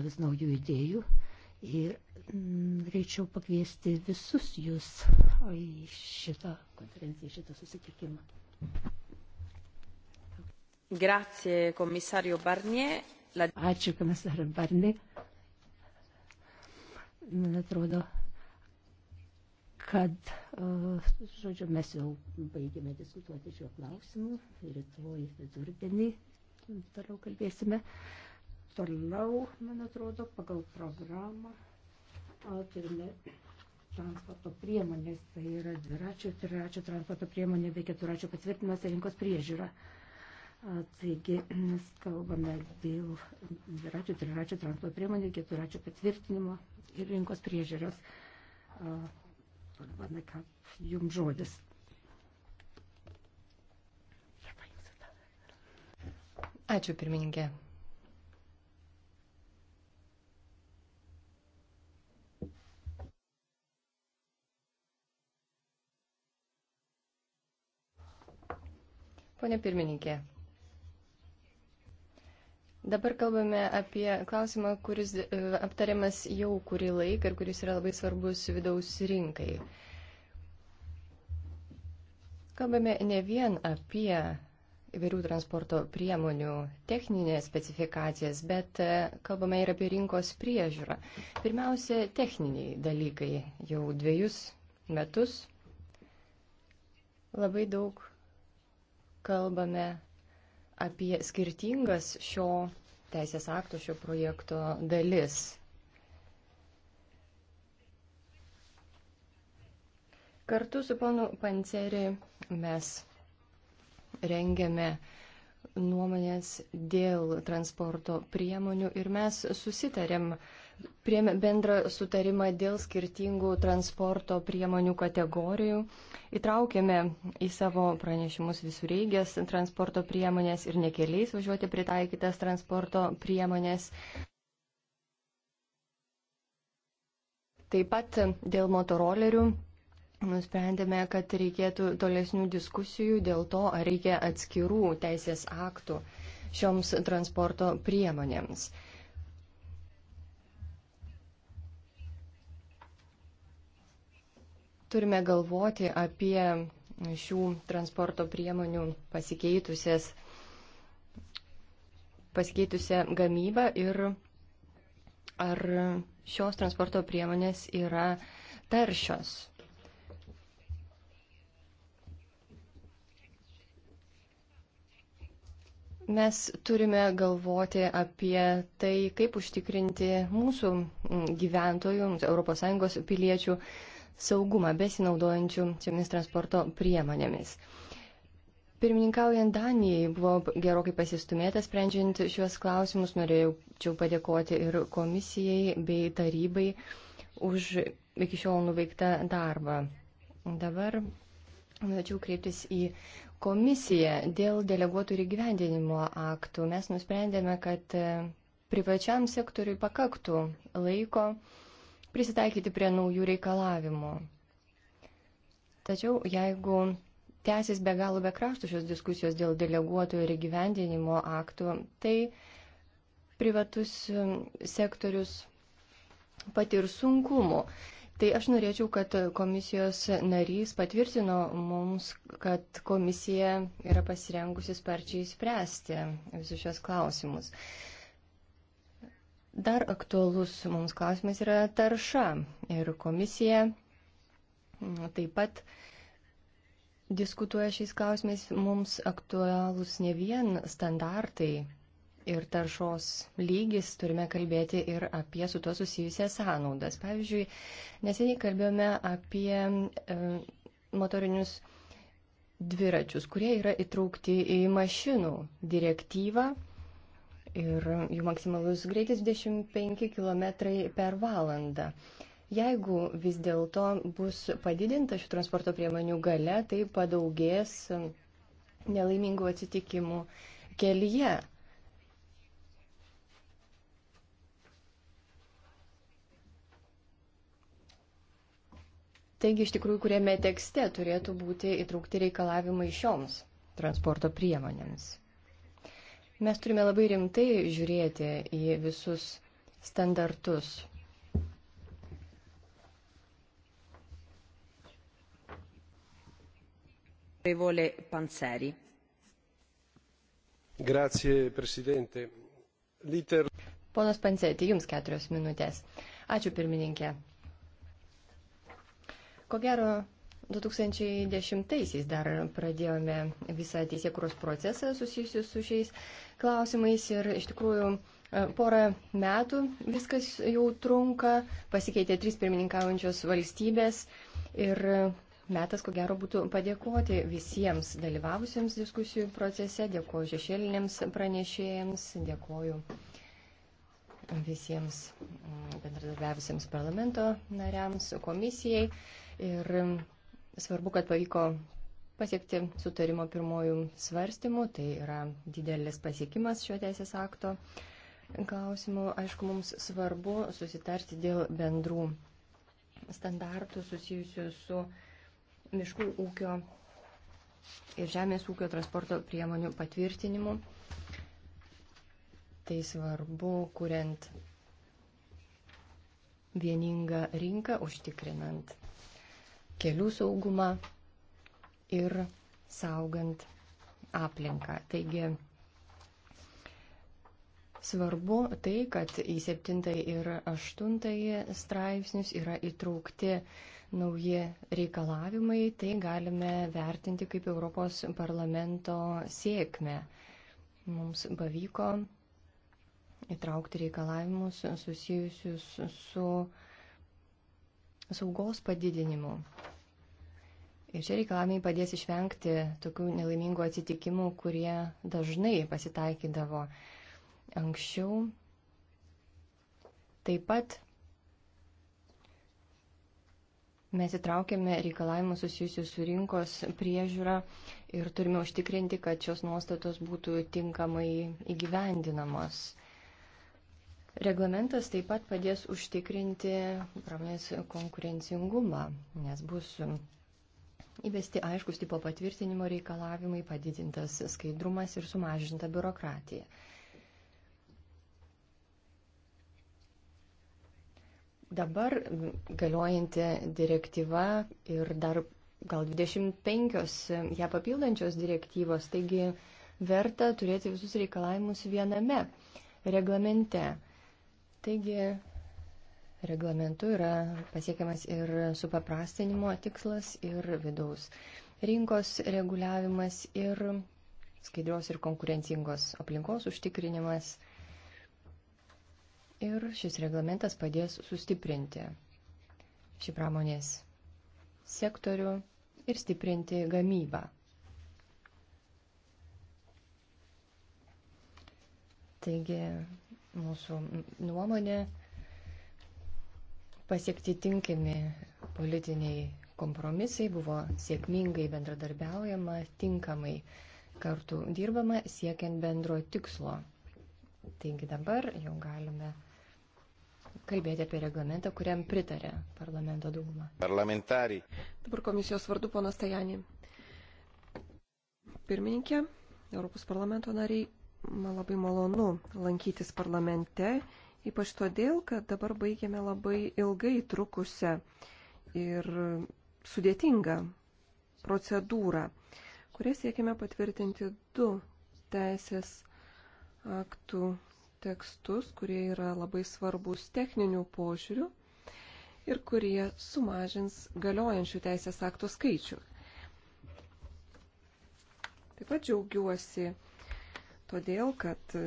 vis naujų idėjų ir greičiau mm, pakviesti visus jūs į šitą konferenciją, į šitą susitikimą. Grazie, komisario Barnier. La... Ačiū, komisario Barnier. Man atrodo, kad, žodžiu, mes jau baigėme diskutuoti šiuo klausimu. Rytoj vidurdienį toliau kalbėsime. Toliau, man atrodo, pagal programą turime transporto priemonės, tai yra dviračių, triračių transporto priemonė bei keturačių patvirtinimas rinkos priežiūra. Taigi mes kalbame dėl dviračių, triračių transporto priemonė, keturačių patvirtinimo ir rinkos priežiūros. Pane, ką jums žodis. Ačiū pirmininkė. Pone pirmininkė, dabar kalbame apie klausimą, kuris e, aptariamas jau kurį laiką ir kuris yra labai svarbus vidaus rinkai. Kalbame ne vien apie įvairių transporto priemonių techninės specifikacijas, bet e, kalbame ir apie rinkos priežiūrą. Pirmiausia, techniniai dalykai. Jau dviejus metus labai daug kalbame apie skirtingas šio teisės akto, šio projekto dalis. Kartu su panu Panceri mes rengiame nuomonės dėl transporto priemonių ir mes susitarėm, Priemė bendrą sutarimą dėl skirtingų transporto priemonių kategorijų. Įtraukėme į savo pranešimus visureigės transporto priemonės ir nekeliais važiuoti pritaikytas transporto priemonės. Taip pat dėl motorolerių nusprendėme, kad reikėtų tolesnių diskusijų dėl to, ar reikia atskirų teisės aktų šioms transporto priemonėms. Turime galvoti apie šių transporto priemonių pasikeitusias, pasikeitusią gamybą ir ar šios transporto priemonės yra taršios. Mes turime galvoti apie tai, kaip užtikrinti mūsų gyventojų, ES piliečių saugumą besinaudojančių šiomis transporto priemonėmis. Pirmininkaujant Danijai buvo gerokai pasistumėta sprendžiant šiuos klausimus. Norėjau padėkoti ir komisijai bei tarybai už iki šiol nuveiktą darbą. Dabar norėčiau kreiptis į komisiją dėl deleguotų ir įgyvendinimo aktų. Mes nusprendėme, kad privačiam sektoriui pakaktų laiko prisitaikyti prie naujų reikalavimų. Tačiau jeigu tęsis be galo be kraštų šios diskusijos dėl deleguotojų ir gyvendinimo aktų, tai privatus um, sektorius patir sunkumų. Tai aš norėčiau, kad komisijos narys patvirtino mums, kad komisija yra pasirengusi sparčiai spręsti visus šios klausimus. Dar aktualus mums klausimas yra tarša ir komisija mm, taip pat diskutuoja šiais klausimais. Mums aktualūs ne vien standartai ir taršos lygis, turime kalbėti ir apie su to susijusias sąnaudas. Pavyzdžiui, neseniai kalbėjome apie e, motorinius dviračius, kurie yra įtraukti į mašinų direktyvą ir jų maksimalus greitis 25 km per valandą. Jeigu vis dėlto bus padidinta šių transporto priemonių gale, tai padaugės nelaimingų atsitikimų kelyje. Taigi iš tikrųjų, kuriame tekste turėtų būti įtraukti reikalavimai šioms transporto priemonėms. Mes turime labai rimtai žiūrėti į visus standartus. Grazie, Presidente. Liter... Ponas Panceti, jums keturios minutės. Ačiū pirmininkė. Ko gero, 2010-aisiais dar pradėjome visą teisėkuros procesą susijusiu su šiais klausimais ir iš tikrųjų e, porą metų viskas jau trunka, pasikeitė trys pirmininkaujančios valstybės ir metas, ko gero, būtų padėkoti visiems dalyvavusiems diskusijų procese, dėkoju šešėlinėms pranešėjams, dėkoju visiems mm, bendradarbiavusiems parlamento nariams, komisijai ir Svarbu, kad pavyko pasiekti sutarimo pirmojų svarstymų, tai yra didelis pasiekimas šio teisės akto klausimų. Aišku, mums svarbu susitarti dėl bendrų standartų susijusių su miškų ūkio ir žemės ūkio transporto priemonių patvirtinimu. Tai svarbu, kuriant vieningą rinką, užtikrinant kelių saugumą ir saugant aplinką. Taigi svarbu tai, kad į 7 ir 8 straipsnius yra įtraukti nauji reikalavimai, tai galime vertinti kaip Europos parlamento sėkmę. Mums pavyko įtraukti reikalavimus susijusius su saugos padidinimu. Ir šie reikalavimai padės išvengti tokių nelaimingų atsitikimų, kurie dažnai pasitaikydavo anksčiau. Taip pat mes įtraukėme reikalavimus susijusius su rinkos priežiūra ir turime užtikrinti, kad šios nuostatos būtų tinkamai įgyvendinamos. Reglamentas taip pat padės užtikrinti pramonės konkurencingumą, nes bus Įvesti aiškus tipo patvirtinimo reikalavimai, padidintas skaidrumas ir sumažinta biurokratija. Dabar galiojanti direktyva ir dar gal 25 ją papildančios direktyvos, taigi verta turėti visus reikalavimus viename reglamente. Taigi reglamentu yra pasiekiamas ir supaprastinimo tikslas, ir vidaus rinkos reguliavimas, ir skaidrios ir konkurencingos aplinkos užtikrinimas. Ir šis reglamentas padės sustiprinti šį pramonės sektorių ir stiprinti gamybą. Taigi, mūsų nuomonė pasiekti tinkami politiniai kompromisai, buvo sėkmingai bendradarbiaujama, tinkamai kartu dirbama siekiant bendro tikslo. Taigi dabar jau galime kalbėti apie reglamentą, kuriam pritarė parlamento dauguma. Parlamentariai. Dabar komisijos vardu ponas Tajani. Pirmininkė, Europos parlamento nariai, man labai malonu lankytis parlamente Ypač todėl, kad dabar baigėme labai ilgai trukusią ir sudėtingą procedūrą, kurią siekime patvirtinti du teisės aktų tekstus, kurie yra labai svarbus techninių požiūrių ir kurie sumažins galiojančių teisės aktų skaičių. Taip pat džiaugiuosi todėl, kad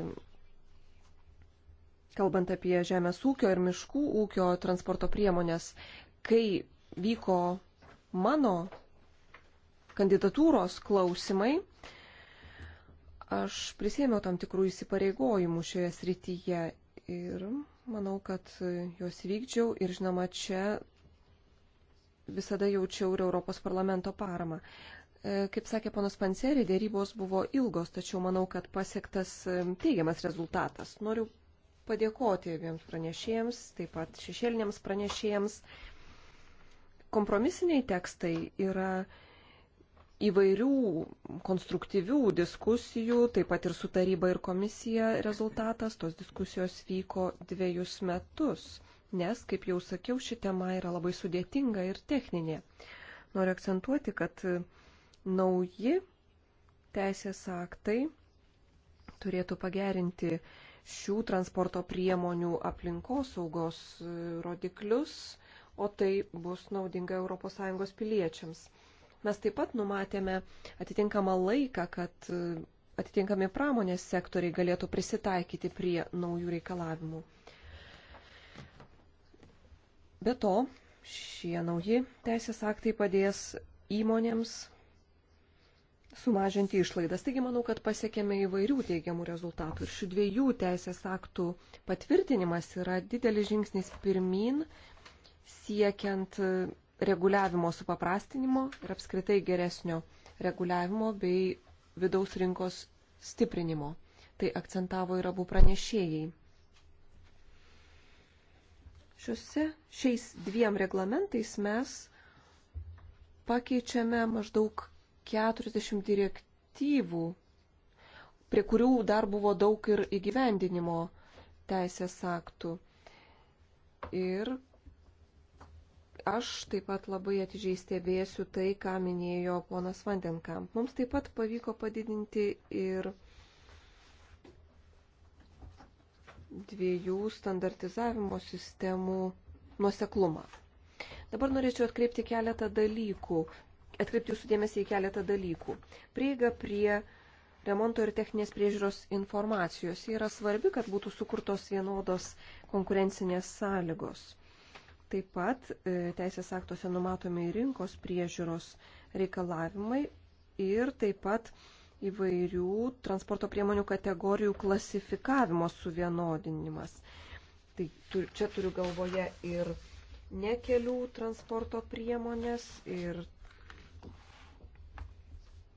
kalbant apie žemės ūkio ir miškų ūkio transporto priemonės, kai vyko mano kandidatūros klausimai, aš prisėmiau tam tikrų įsipareigojimų šioje srityje ir manau, kad juos vykdžiau ir žinoma, čia visada jaučiau ir Europos parlamento paramą. E, kaip sakė ponas Panseri, dėrybos buvo ilgos, tačiau manau, kad pasiektas e, teigiamas rezultatas. Noriu padėkoti abiems pranešėjams, taip pat šešėliniams pranešėjams. Kompromisiniai tekstai yra įvairių konstruktyvių diskusijų, taip pat ir su taryba ir komisija rezultatas. Tos diskusijos vyko dviejus metus, nes, kaip jau sakiau, ši tema yra labai sudėtinga ir techninė. Noriu akcentuoti, kad nauji teisės aktai turėtų pagerinti šių transporto priemonių aplinkosaugos e, rodiklius, o tai bus naudinga ES piliečiams. Mes taip pat numatėme atitinkamą laiką, kad e, atitinkami pramonės sektoriai galėtų prisitaikyti prie naujų reikalavimų. Be to, šie nauji teisės aktai padės įmonėms sumažinti išlaidas. Taigi manau, kad pasiekėme įvairių teigiamų rezultatų ir šių dviejų teisės aktų patvirtinimas yra didelis žingsnis pirmin siekiant e, reguliavimo supaprastinimo ir apskritai geresnio reguliavimo bei vidaus rinkos stiprinimo. Tai akcentavo ir abu pranešėjai. Šiuose, šiais dviem reglamentais mes pakeičiame maždaug 40 direktyvų, prie kurių dar buvo daug ir įgyvendinimo teisės aktų. Ir aš taip pat labai atidžiai stebėsiu tai, ką minėjo ponas Vandenkamp. Mums taip pat pavyko padidinti ir dviejų standartizavimo sistemų nuoseklumą. Dabar norėčiau atkreipti keletą dalykų, atkreipti jūsų dėmesį į keletą dalykų. Prieiga prie remonto ir techninės priežiūros informacijos yra svarbi, kad būtų sukurtos vienodos konkurencinės sąlygos. Taip pat e, teisės aktuose numatomi rinkos priežiūros reikalavimai ir taip pat įvairių transporto priemonių kategorijų klasifikavimo suvienodinimas. Tai čia turiu galvoje ir ne kelių transporto priemonės ir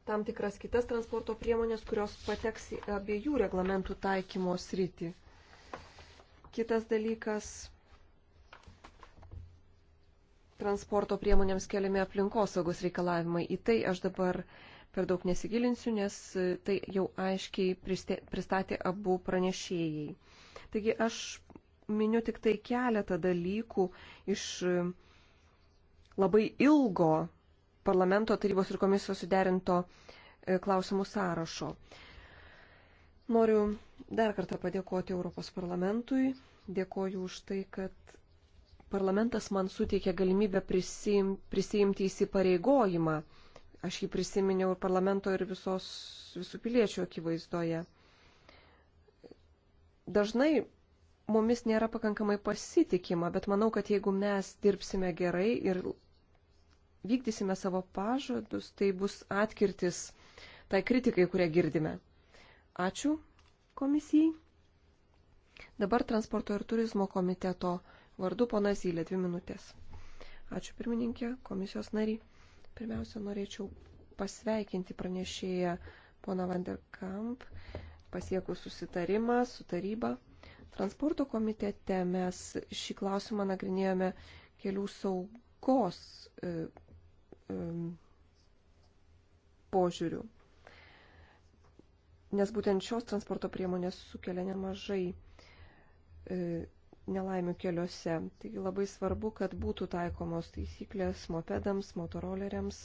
tam tikras kitas transporto priemonės, kurios pateks į abiejų reglamentų taikymo sritį. Kitas dalykas - transporto priemonėms keliami aplinkosaugos reikalavimai. Į tai aš dabar per daug nesigilinsiu, nes tai jau aiškiai pristatė abu pranešėjai. Taigi aš miniu tik tai keletą dalykų iš labai ilgo parlamento tarybos ir komisijos suderinto e, klausimų sąrašo. Noriu dar kartą padėkoti Europos parlamentui. Dėkoju už tai, kad parlamentas man suteikė galimybę prisiim, prisiimti įsipareigojimą. Aš jį prisiminiau ir parlamento, ir visos, visų piliečių akivaizdoje. Dažnai mumis nėra pakankamai pasitikima, bet manau, kad jeigu mes dirbsime gerai ir vykdysime savo pažadus, tai bus atkirtis tai kritikai, kurią girdime. Ačiū komisijai. Dabar transporto ir turizmo komiteto vardu ponas Zylė, dvi minutės. Ačiū pirmininkė, komisijos nariai. Pirmiausia, norėčiau pasveikinti pranešėją poną Vanderkamp, pasiekus susitarimą su taryba. Transporto komitete mes šį klausimą nagrinėjome kelių saugos e, požiūrių. Nes būtent šios transporto priemonės sukelia nemažai e, nelaimių keliuose. Taigi labai svarbu, kad būtų taikomos taisyklės mopedams, motoroleriams,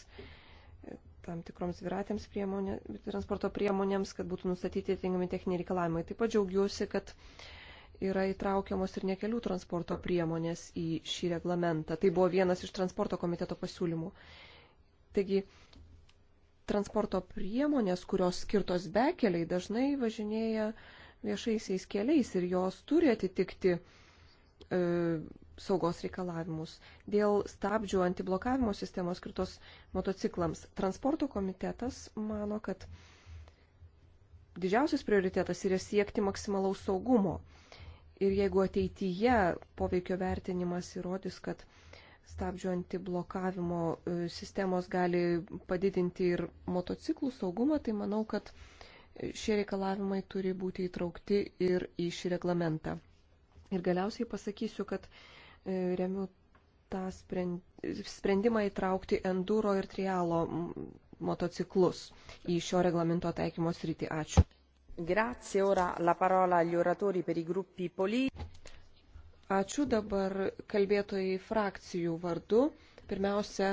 e, tam tikroms viratėms priemonė, transporto priemonėms, kad būtų nustatyti atitinkami techniniai reikalavimai. Taip pat džiaugiuosi, kad yra įtraukiamos ir nekelių transporto priemonės į šį reglamentą. Tai buvo vienas iš transporto komiteto pasiūlymų. Taigi, transporto priemonės, kurios skirtos bekeliai, dažnai važinėja viešaisiais keliais ir jos turi atitikti e, saugos reikalavimus. Dėl stabdžių antiblokavimo sistemos skirtos motociklams transporto komitetas mano, kad didžiausias prioritetas yra siekti maksimalaus saugumo. Ir jeigu ateityje poveikio vertinimas įrodys, kad stabdžių antiblokavimo e, sistemos gali padidinti ir motociklų saugumą, tai manau, kad šie reikalavimai turi būti įtraukti ir į šį reglamentą. Ir galiausiai pasakysiu, kad e, remiu tą sprendimą įtraukti enduro ir trialo motociklus į šio reglamento taikymo sritį. Ačiū. Grazie, ora la parola agli oratori per i gruppi politici. Ačiū dabar kalbėtojai frakcijų vardu. Pirmiausia,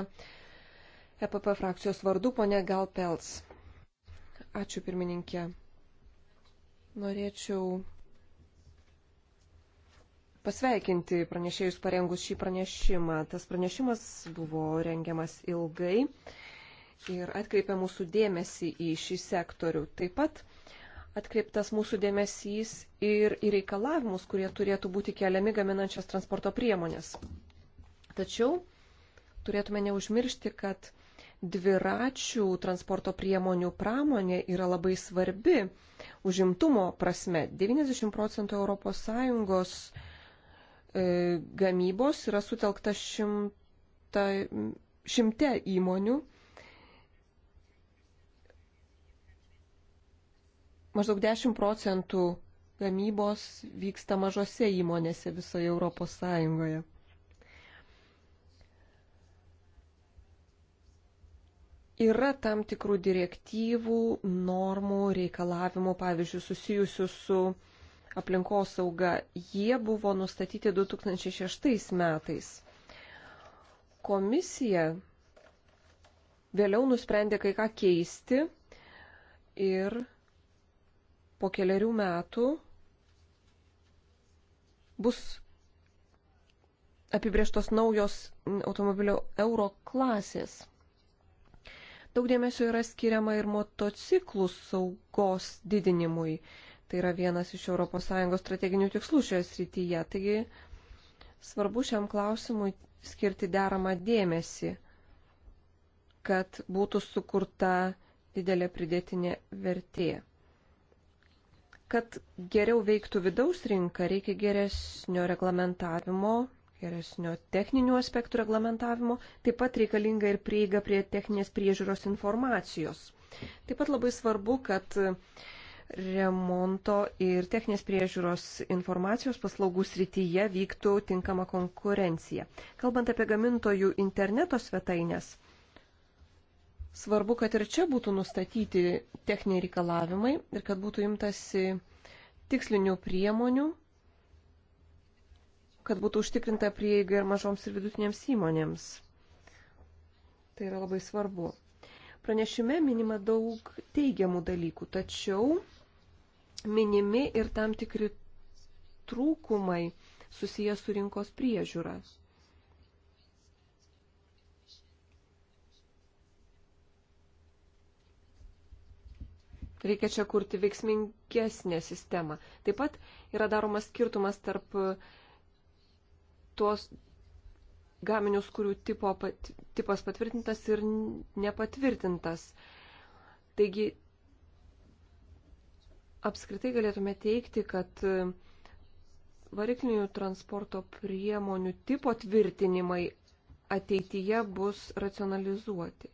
EPP frakcijos vardu ponė Galpels. Ačiū pirmininkė. Norėčiau pasveikinti pranešėjus parengus šį pranešimą. Tas pranešimas buvo rengiamas ilgai ir atkreipia mūsų dėmesį į šį sektorių. Taip pat atkreiptas mūsų dėmesys ir į reikalavimus, kurie turėtų būti keliami gaminančios transporto priemonės. Tačiau turėtume neužmiršti, kad dviračių transporto priemonių pramonė yra labai svarbi užimtumo prasme. 90 procentų ES e, gamybos yra sutelkta šimta, šimte įmonių maždaug 10 procentų gamybos vyksta mažose įmonėse visoje Europos Sąjungoje. Yra tam tikrų direktyvų, normų, reikalavimų, pavyzdžiui, susijusių su aplinkosauga. Jie buvo nustatyti 2006 metais. Komisija vėliau nusprendė kai ką keisti ir po keliarių metų bus apibrieštos naujos automobilio euro klasės. Daug dėmesio yra skiriama ir motociklų saugos didinimui. Tai yra vienas iš ES strateginių tikslų šioje srityje. Taigi svarbu šiam klausimui skirti deramą dėmesį, kad būtų sukurta didelė pridėtinė vertė. Kad geriau veiktų vidaus rinka, reikia geresnio reglamentavimo, geresnio techninių aspektų reglamentavimo, taip pat reikalinga ir prieiga prie techninės priežiūros informacijos. Taip pat labai svarbu, kad remonto ir techninės priežiūros informacijos paslaugų srityje vyktų tinkama konkurencija. Kalbant apie gamintojų interneto svetainės, Svarbu, kad ir čia būtų nustatyti techniniai reikalavimai ir kad būtų imtasi tikslinių priemonių, kad būtų užtikrinta prieiga ir mažoms ir vidutinėms įmonėms. Tai yra labai svarbu. Pranešime minima daug teigiamų dalykų, tačiau minimi ir tam tikri trūkumai susijęs su rinkos priežiūra. Reikia čia kurti veiksmingesnę sistemą. Taip pat yra daromas skirtumas tarp e, tuos gaminius, kurių tipo, pat, tipas patvirtintas ir nepatvirtintas. Taigi, apskritai galėtume teikti, kad e, variklinių transporto priemonių tipo tvirtinimai ateityje bus racionalizuoti.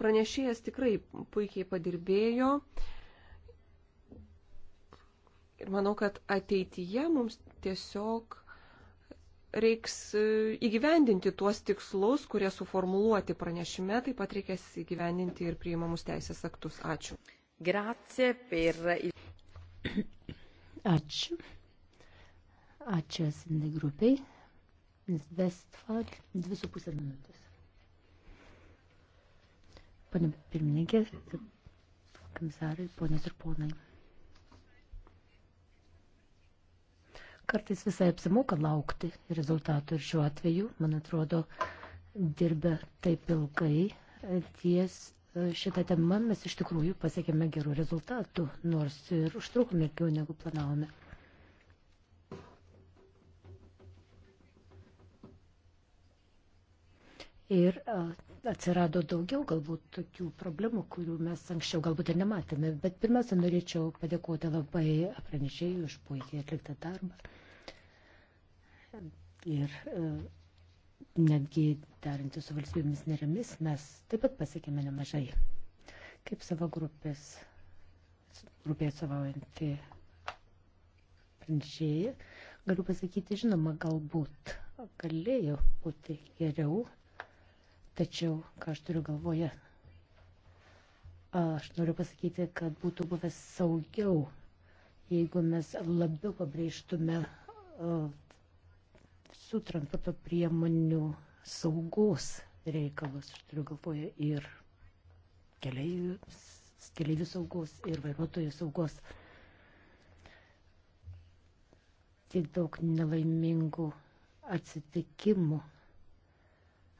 Pranešėjas tikrai puikiai padirbėjo. Ir manau, kad ateityje mums tiesiog reiks e, įgyvendinti tuos tikslus, kurie suformuluoti pranešime, taip pat reikės įgyvendinti ir priimamus teisės aktus. Ačiū. Grazie per. Ačiū. Ačiū esinti grupiai. Vestfal, dvi su pusė minutės. Pane pirmininkė, komisarai, ponės ir ponai. Kartais visai apsimoka laukti rezultatų ir šiuo atveju, man atrodo, dirbę taip ilgai ties e, šitą temą mes iš tikrųjų pasiekėme gerų rezultatų, nors ir užtrukome ilgiau negu planavome. ir atsirado daugiau galbūt tokių problemų, kurių mes anksčiau galbūt ir nematėme. Bet pirmiausia, norėčiau padėkoti labai pranešėjui už puikiai atliktą darbą. Ir netgi darinti su valstybėmis nerėmis mes taip pat pasiekėme nemažai. Kaip savo grupės, grupėje savaujantį pranešėjai, galiu pasakyti, žinoma, galbūt galėjo būti geriau Tačiau, ką aš turiu galvoje, aš noriu pasakyti, kad būtų buvęs saugiau, jeigu mes labiau pabrėžtume e, su transporto priemonių saugos reikalus, aš turiu galvoje ir keleivių saugos, ir vairuotojų saugos. Tiek daug nelaimingų atsitikimų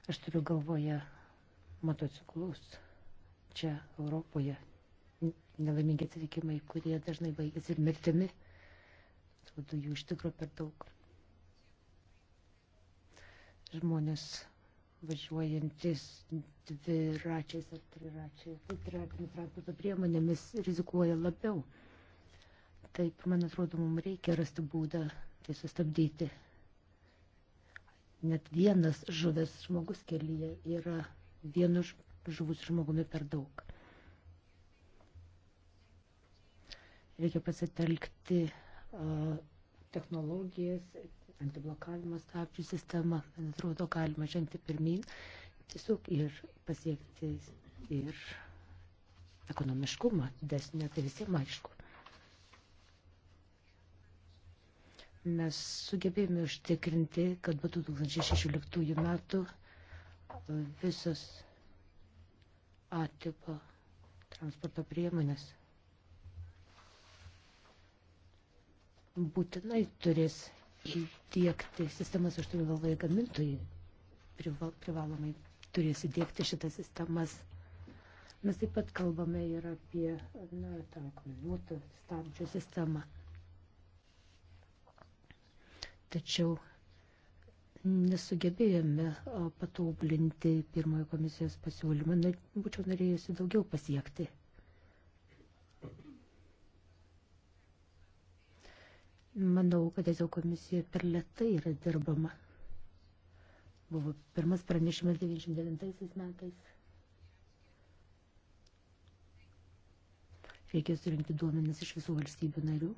Aš turiu galvoje motociklus čia Europoje. Nelaimingi atsitikimai, kurie dažnai baigėsi ir mirtimi. Atrodo, jų iš tikrųjų per daug. Žmonės važiuojantis dviračiais ar triračiais, tai triratinio transporto priemonėmis rizikuoja labiau. Taip, man atrodo, mums reikia rasti būdą tai sustabdyti net vienas žuvęs žmogus kelyje yra vienu žuvus žmogumi per daug. Reikia pasitelkti uh, technologijas, antiblokavimo stabdžių sistemą, man atrodo, galima žengti pirmin, tiesiog ir pasiekti ir ekonomiškumą, desnė, tai visiems aišku. mes sugebėjome užtikrinti, kad būtų 2016 metų e, visas atipo transporto priemonės. Būtinai turės įdėkti sistemas, aš turiu galvoje gamintojai, privalomai turės įdėkti šitas sistemas. Mes taip pat kalbame ir apie na, tą kombinuotą stabdžių sistemą tačiau nesugebėjome patobulinti pirmojo komisijos pasiūlymą. Na, būčiau norėjusi daugiau pasiekti. Manau, kad tiesiog komisija per lietai yra dirbama. Buvo pirmas pranešimas 99 metais. Reikės surinkti duomenis iš visų valstybių narių.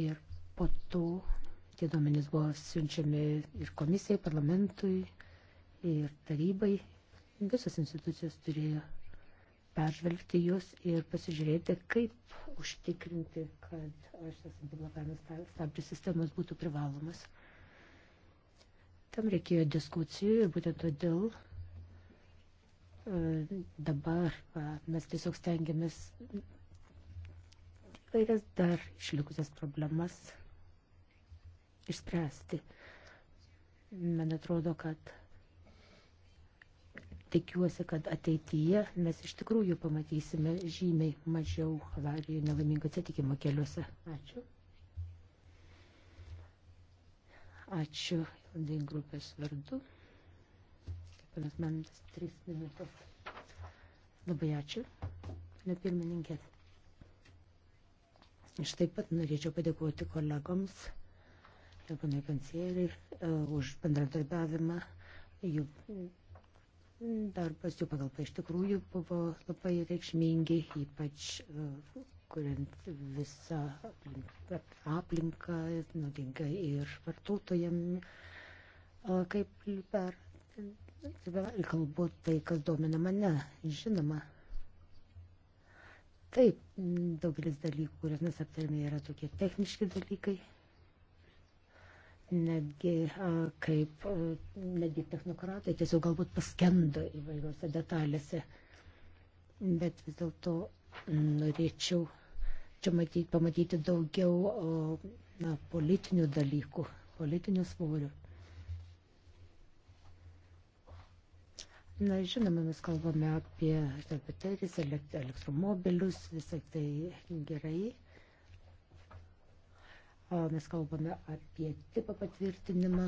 Ir po to tie duomenys buvo siunčiami ir komisijai, parlamentui, ir tarybai. Visos institucijos turėjo peržvelgti juos ir pasižiūrėti, kaip užtikrinti, kad šitas antiblokavimo stabdžių sistemas būtų privalomas. Tam reikėjo diskusijų ir būtent todėl e, dabar mes tiesiog stengiamės laikas dar išlikusias problemas išspręsti. Man atrodo, kad tikiuosi, kad ateityje mes iš tikrųjų pamatysime žymiai mažiau avarijų nelaimingų atsitikimų keliuose. Ačiū. Ačiū Ildain grupės vardu. Panas man tas trys minutės. Labai ačiū. Ne pirmininkės. Aš taip pat norėčiau padėkoti kolegoms ir panai kancleriai e, už bendradarbiavimą. Jų darbas, jų pagalba iš tikrųjų buvo labai reikšmingi, ypač e, kuriant visą aplinką, naudinga ir vartotojam, e, kaip per kalbu tai, kas domina mane, žinoma. Taip, daugelis dalykų, kuriuos mes aptarėme, yra tokie techniški dalykai. Netgi kaip, netgi technokratai tiesiog galbūt paskendo įvairiuose detalėse. Bet vis dėlto norėčiau čia matyti, pamatyti daugiau na, politinių dalykų, politinių svorių. Na, žinoma, mes kalbame apie baterijas, elektromobilius, visai tai gerai. Mes kalbame apie tipo patvirtinimą,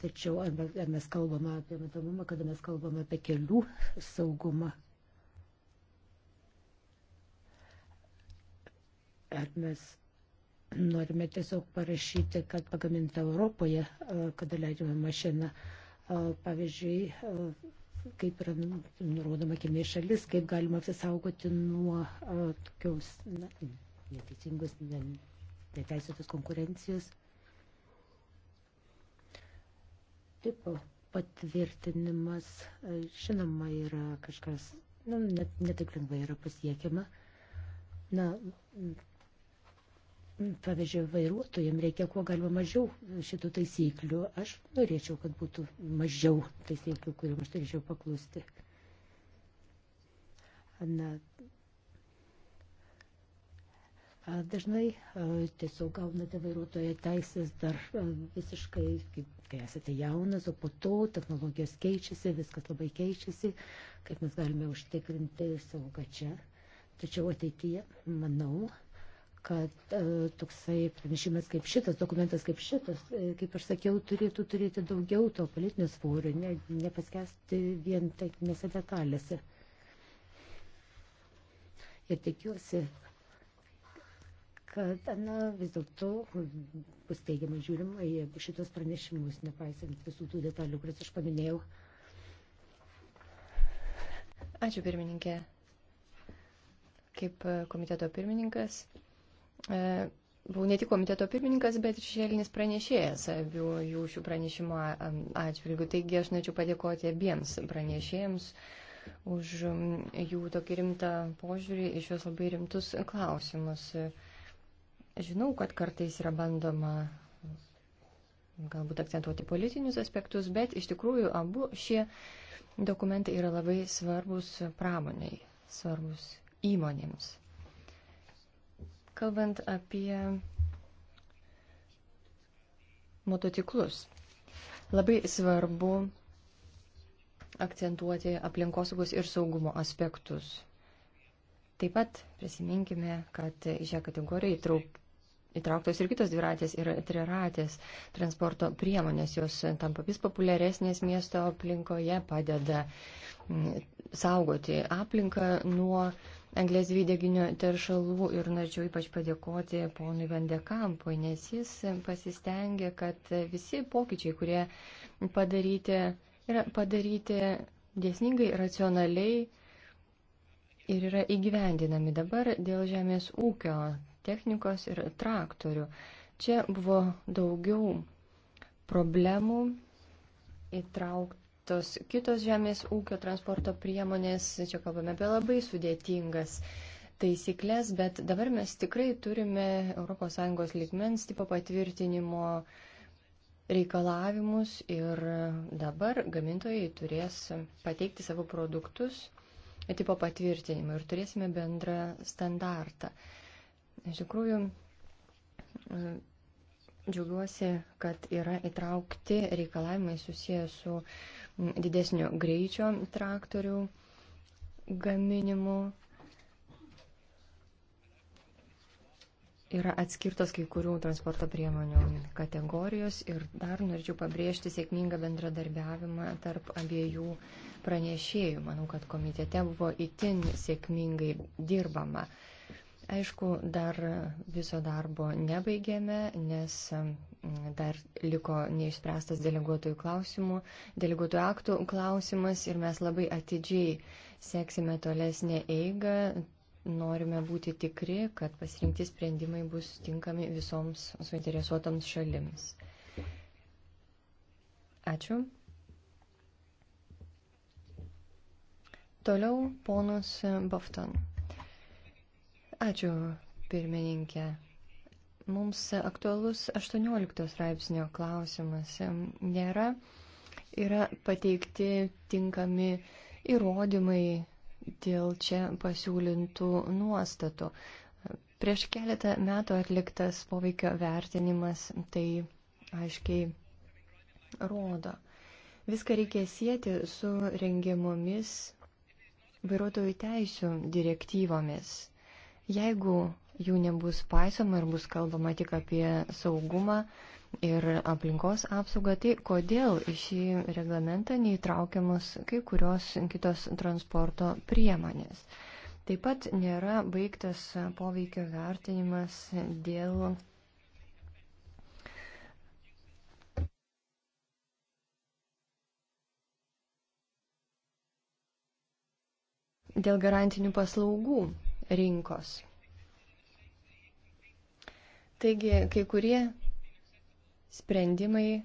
tačiau ar mes kalbame apie matomumą, kada mes kalbame apie kelių saugumą. Ar mes norime tiesiog parašyti, kad pagaminta Europoje, kada leidžiame mašiną, pavyzdžiui, kaip yra nurodoma kilmės šalis, kaip galima apsisaugoti nuo a, tokios na, neteisingos, ne, neteisėtos konkurencijos. Tipo patvirtinimas, žinoma, yra kažkas, na, nu, net, net taip lengvai yra pasiekiama. Na, Pavyzdžiui, vairuotojams reikia kuo galima mažiau šitų taisyklių. Aš norėčiau, kad būtų mažiau taisyklių, kuriuom aš turėčiau paklusti. Na, dažnai tiesiog gaunate vairuotojo teisės dar visiškai, kai esate jaunas, o po to technologijos keičiasi, viskas labai keičiasi, kaip mes galime užtikrinti saugą čia. Tačiau ateityje, manau, kad e, toksai pranešimas kaip šitas, dokumentas kaip šitas, e, kaip aš sakiau, turėtų turėti daugiau to politinio svorio, ne, nepaskesti vien techninėse detalėse. Ir tikiuosi, kad na, vis dėlto bus teigiamai žiūrima į šitos pranešimus, nepaisant visų tų detalių, kurias aš paminėjau. Ačiū pirmininkė. Kaip komiteto pirmininkas, E, buvau ne tik komiteto pirmininkas, bet ir šešėlinis pranešėjas abiejų jų šių pranešimo atžvilgių. Taigi aš norėčiau padėkoti abiems pranešėjams už jų tokį rimtą požiūrį iš juos labai rimtus klausimus. Žinau, kad kartais yra bandoma galbūt akcentuoti politinius aspektus, bet iš tikrųjų abu šie dokumentai yra labai svarbus pramoniai, svarbus įmonėms. Kalbant apie motociklus, labai svarbu akcentuoti aplinkosaugos ir saugumo aspektus. Taip pat prisiminkime, kad į šią kategoriją įtrauk, įtrauktos ir kitos dviratės ir triratės transporto priemonės. Jos tampa vis populiaresnės miesto aplinkoje, padeda mm, saugoti aplinką nuo anglės dvideginio teršalų ir norėčiau ypač padėkoti ponui Vandekampui, nes jis pasistengė, kad visi pokyčiai, kurie padaryti, yra padaryti dėsningai, racionaliai ir yra įgyvendinami dabar dėl žemės ūkio technikos ir traktorių. Čia buvo daugiau problemų įtraukti tos kitos žemės ūkio transporto priemonės. Čia kalbame apie labai sudėtingas taisyklės, bet dabar mes tikrai turime ES lygmens tipo patvirtinimo reikalavimus ir dabar gamintojai turės pateikti savo produktus tipo patvirtinimą ir turėsime bendrą standartą. Iš tikrųjų, džiaugiuosi, kad yra įtraukti reikalavimai susiję su didesnio greičio traktorių gaminimu. Yra atskirtos kai kurių transporto priemonių kategorijos ir dar norėčiau pabrėžti sėkmingą bendradarbiavimą tarp abiejų pranešėjų. Manau, kad komitete buvo itin sėkmingai dirbama. Aišku, dar viso darbo nebaigėme, nes dar liko neišspręstas deleguotojų klausimų, deleguotojų aktų klausimas ir mes labai atidžiai seksime tolesnę eigą. Norime būti tikri, kad pasirinkti sprendimai bus tinkami visoms suinteresuotams šalims. Ačiū. Toliau ponas Bofton. Ačiū, pirmininkė. Mums aktualus 18 straipsnio klausimas. Nėra, yra pateikti tinkami įrodymai dėl čia pasiūlintų nuostatų. Prieš keletą metų atliktas poveikio vertinimas tai aiškiai rodo. Viską reikia sieti su rengiamomis vairuotojų teisų direktyvomis. Jeigu jų nebus paisoma ir bus kalbama tik apie saugumą ir aplinkos apsaugą, tai kodėl į šį reglamentą neįtraukiamos kai kurios kitos transporto priemonės? Taip pat nėra baigtas poveikio vertinimas dėl. Dėl garantinių paslaugų rinkos. Taigi, kai kurie sprendimai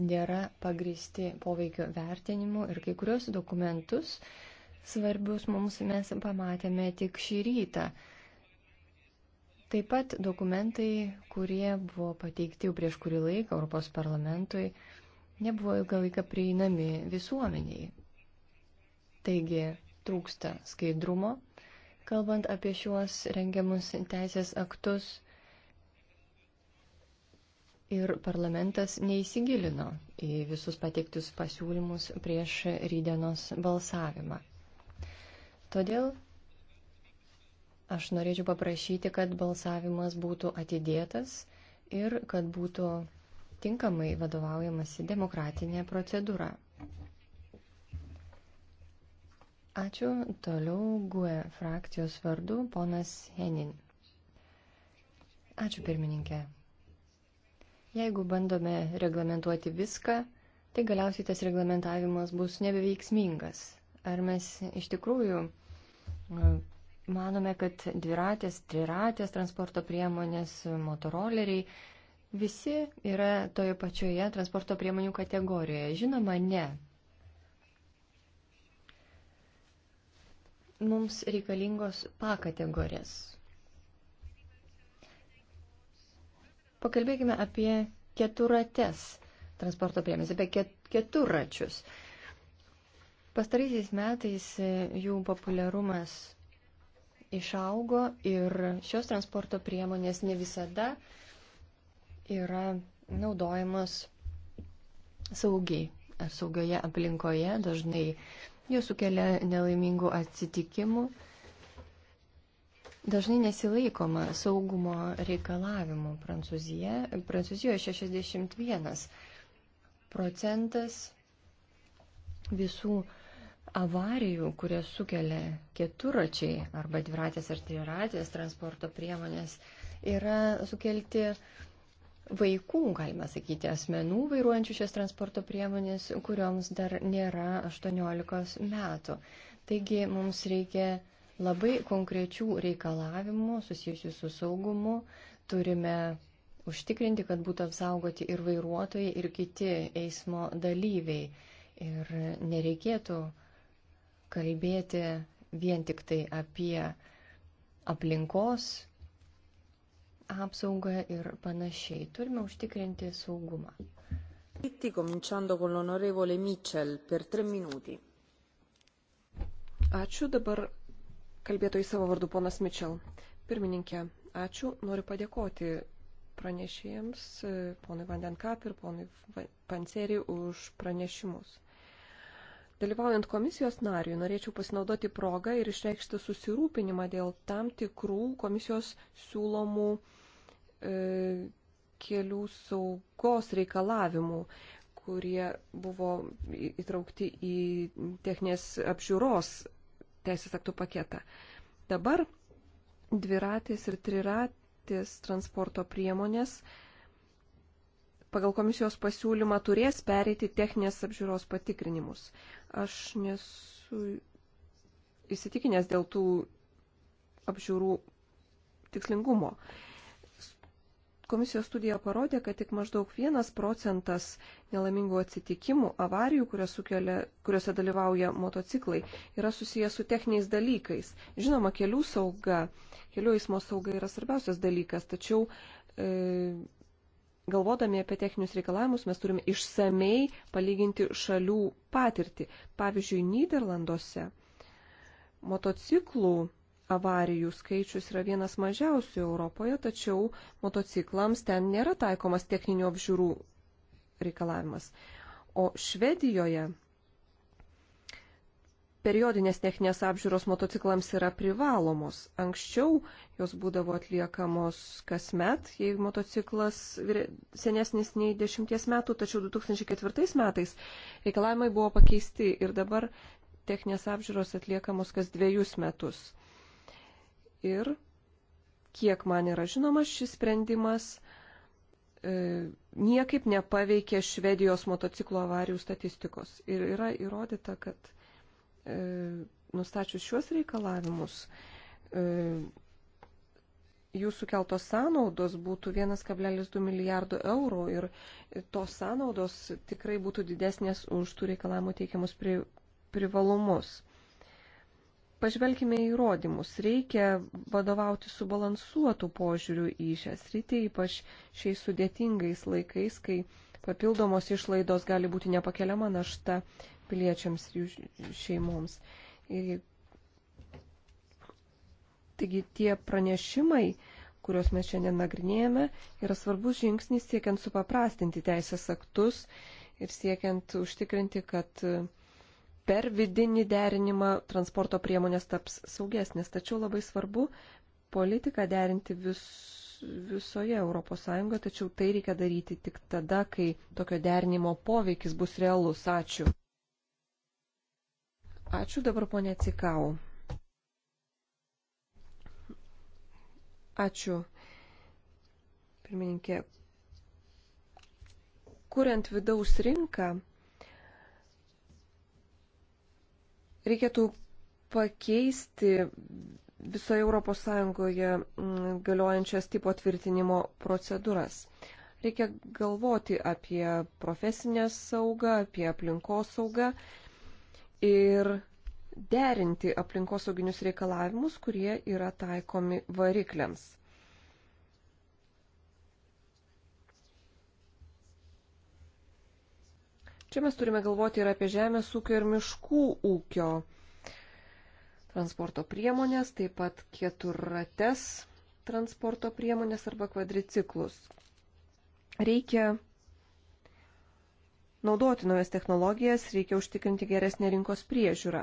nėra pagristi poveikio vertinimu ir kai kurios dokumentus svarbius mums mes pamatėme tik šį rytą. Taip pat dokumentai, kurie buvo pateikti jau prieš kurį laiką Europos parlamentui, nebuvo ilgą laiką prieinami visuomeniai. Taigi trūksta skaidrumo Kalbant apie šiuos rengiamus teisės aktus, ir parlamentas neįsigilino į visus pateiktus pasiūlymus prieš rydienos balsavimą. Todėl aš norėčiau paprašyti, kad balsavimas būtų atidėtas ir kad būtų tinkamai vadovaujamasi demokratinė procedūra. Ačiū. Toliau GUE frakcijos vardu ponas Henin. Ačiū pirmininkė. Jeigu bandome reglamentuoti viską, tai galiausiai tas reglamentavimas bus nebeveiksmingas. Ar mes iš tikrųjų e, manome, kad dviratės, triratės transporto priemonės, motoroleriai visi yra toje pačioje transporto priemonių kategorijoje? Žinoma, ne mums reikalingos pakategorės. Pakalbėkime apie keturates transporto priemonės, apie keturračius. Pastaraisiais metais e, jų populiarumas išaugo ir šios transporto priemonės ne visada yra naudojamos saugiai ar saugioje aplinkoje. Dažnai uh, Jos sukelia nelaimingų atsitikimų. Dažnai nesilaikoma saugumo reikalavimų. Prancūzija, Prancūzijoje 61 procentas visų avarijų, kurias sukelia keturačiai arba dviratės ar triratės transporto priemonės, yra sukelti vaikų, galime sakyti, asmenų vairuojančių šias transporto priemonės, kurioms dar nėra 18 metų. Taigi mums reikia labai konkrečių reikalavimų susijusių su saugumu. Turime užtikrinti, kad būtų apsaugoti ir vairuotojai, ir kiti eismo dalyviai. Ir nereikėtų kalbėti vien tik tai apie aplinkos apsaugą ir panašiai. Turime užtikrinti saugumą. Cominciando con l'onorevole Mitchell per tre minuti. Ačiū dabar kalbėtojai savo vardu, ponas Mitchell. Pirmininkė, ačiū, noriu padėkoti pranešėjams, e, ponui Vandenkap ir ponui Panceriai, už pranešimus. Dalyvaujant komisijos nariui, norėčiau pasinaudoti progą ir išreikšti susirūpinimą dėl tam tikrų komisijos siūlomų e, kelių saugos reikalavimų, kurie buvo įtraukti į techninės apžiūros teisės aktų paketą. Dabar dviratės ir triratės transporto priemonės e, pagal komisijos pasiūlymą turės pereiti techninės apžiūros patikrinimus. Aš nesu įsitikinęs dėl tų apžiūrų tikslingumo. Komisijos studija parodė, kad tik maždaug vienas procentas nelaimingų atsitikimų, avarijų, kurios sukelia, kuriuose dalyvauja motociklai, yra susijęs su techniniais dalykais. Žinoma, kelių sauga, kelių eismo sauga yra svarbiausias dalykas, tačiau e, galvodami apie techninius reikalavimus, mes turime išsamei palyginti šalių patirtį. Pavyzdžiui, Niderlanduose motociklų avarijų skaičius yra vienas mažiausių Europoje, tačiau motociklams ten nėra taikomas techninių apžiūrų reikalavimas. O Švedijoje periodinės techninės apžiūros motociklams yra privalomos. Anksčiau jos būdavo atliekamos kasmet, jei motociklas senesnis nei dešimties metų, tačiau 2004 metais reikalavimai buvo pakeisti ir dabar techninės apžiūros atliekamos kas dviejus metus. Ir kiek man yra žinomas šis sprendimas, e, niekaip nepaveikė Švedijos motociklo avarijų statistikos. Ir yra įrodyta, kad E, nustačius šiuos reikalavimus, e, jų sukeltos sąnaudos būtų 1,2 milijardo eurų ir tos sąnaudos tikrai būtų didesnės už tų reikalavimų teikiamus pri, privalumus. Pažvelkime į įrodymus. Reikia vadovauti subalansuotų požiūrių į šią sritį, ypač šiais sudėtingais laikais, kai papildomos išlaidos gali būti nepakeliama našta piliečiams ir jų šeimoms. Ir taigi tie pranešimai, kuriuos mes šiandien nagrinėjame, yra svarbus žingsnis siekiant supaprastinti teisės aktus ir siekiant užtikrinti, kad e, per vidinį derinimą transporto priemonės taps saugesnės. Tačiau labai svarbu politiką derinti vis, visoje ES, tačiau tai reikia daryti tik tada, kai tokio derinimo poveikis bus realus. Ačiū. Ačiū dabar ponė Cikau. Ačiū, pirmininkė. Kuriant vidaus rinką, reikėtų pakeisti visoje Europos Sąjungoje mm, galiojančias tipo tvirtinimo procedūras. Reikia galvoti apie profesinę saugą, apie aplinkos saugą ir derinti aplinkosauginius reikalavimus, kurie yra taikomi varikliams. Čia mes turime galvoti ir apie žemės ūkio ir miškų ūkio transporto priemonės, taip pat keturrates transporto priemonės arba kvadriciklus. Reikia naudoti naujas technologijas, reikia užtikrinti geresnę rinkos priežiūrą.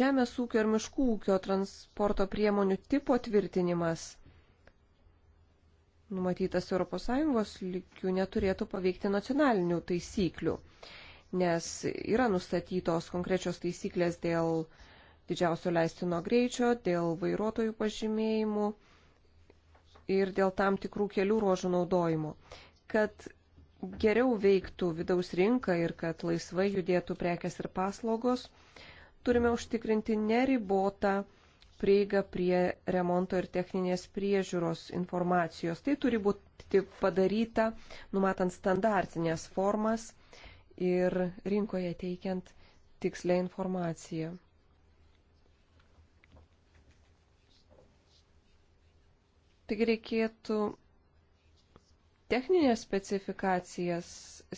Žemės ūkio ir miškų ūkio transporto priemonių tipo tvirtinimas numatytas ES lygių neturėtų paveikti nacionalinių taisyklių, nes yra nustatytos konkrečios taisyklės dėl didžiausio leistino greičio, dėl vairuotojų pažymėjimų ir dėl tam tikrų kelių ruožų naudojimo. Kad geriau veiktų vidaus rinka ir kad laisvai judėtų prekes ir paslaugos, turime užtikrinti neribotą prieigą prie remonto ir techninės priežiūros informacijos. Tai turi būti padaryta, numatant standartinės formas ir rinkoje teikiant tikslę informaciją. Taigi reikėtų techninės specifikacijas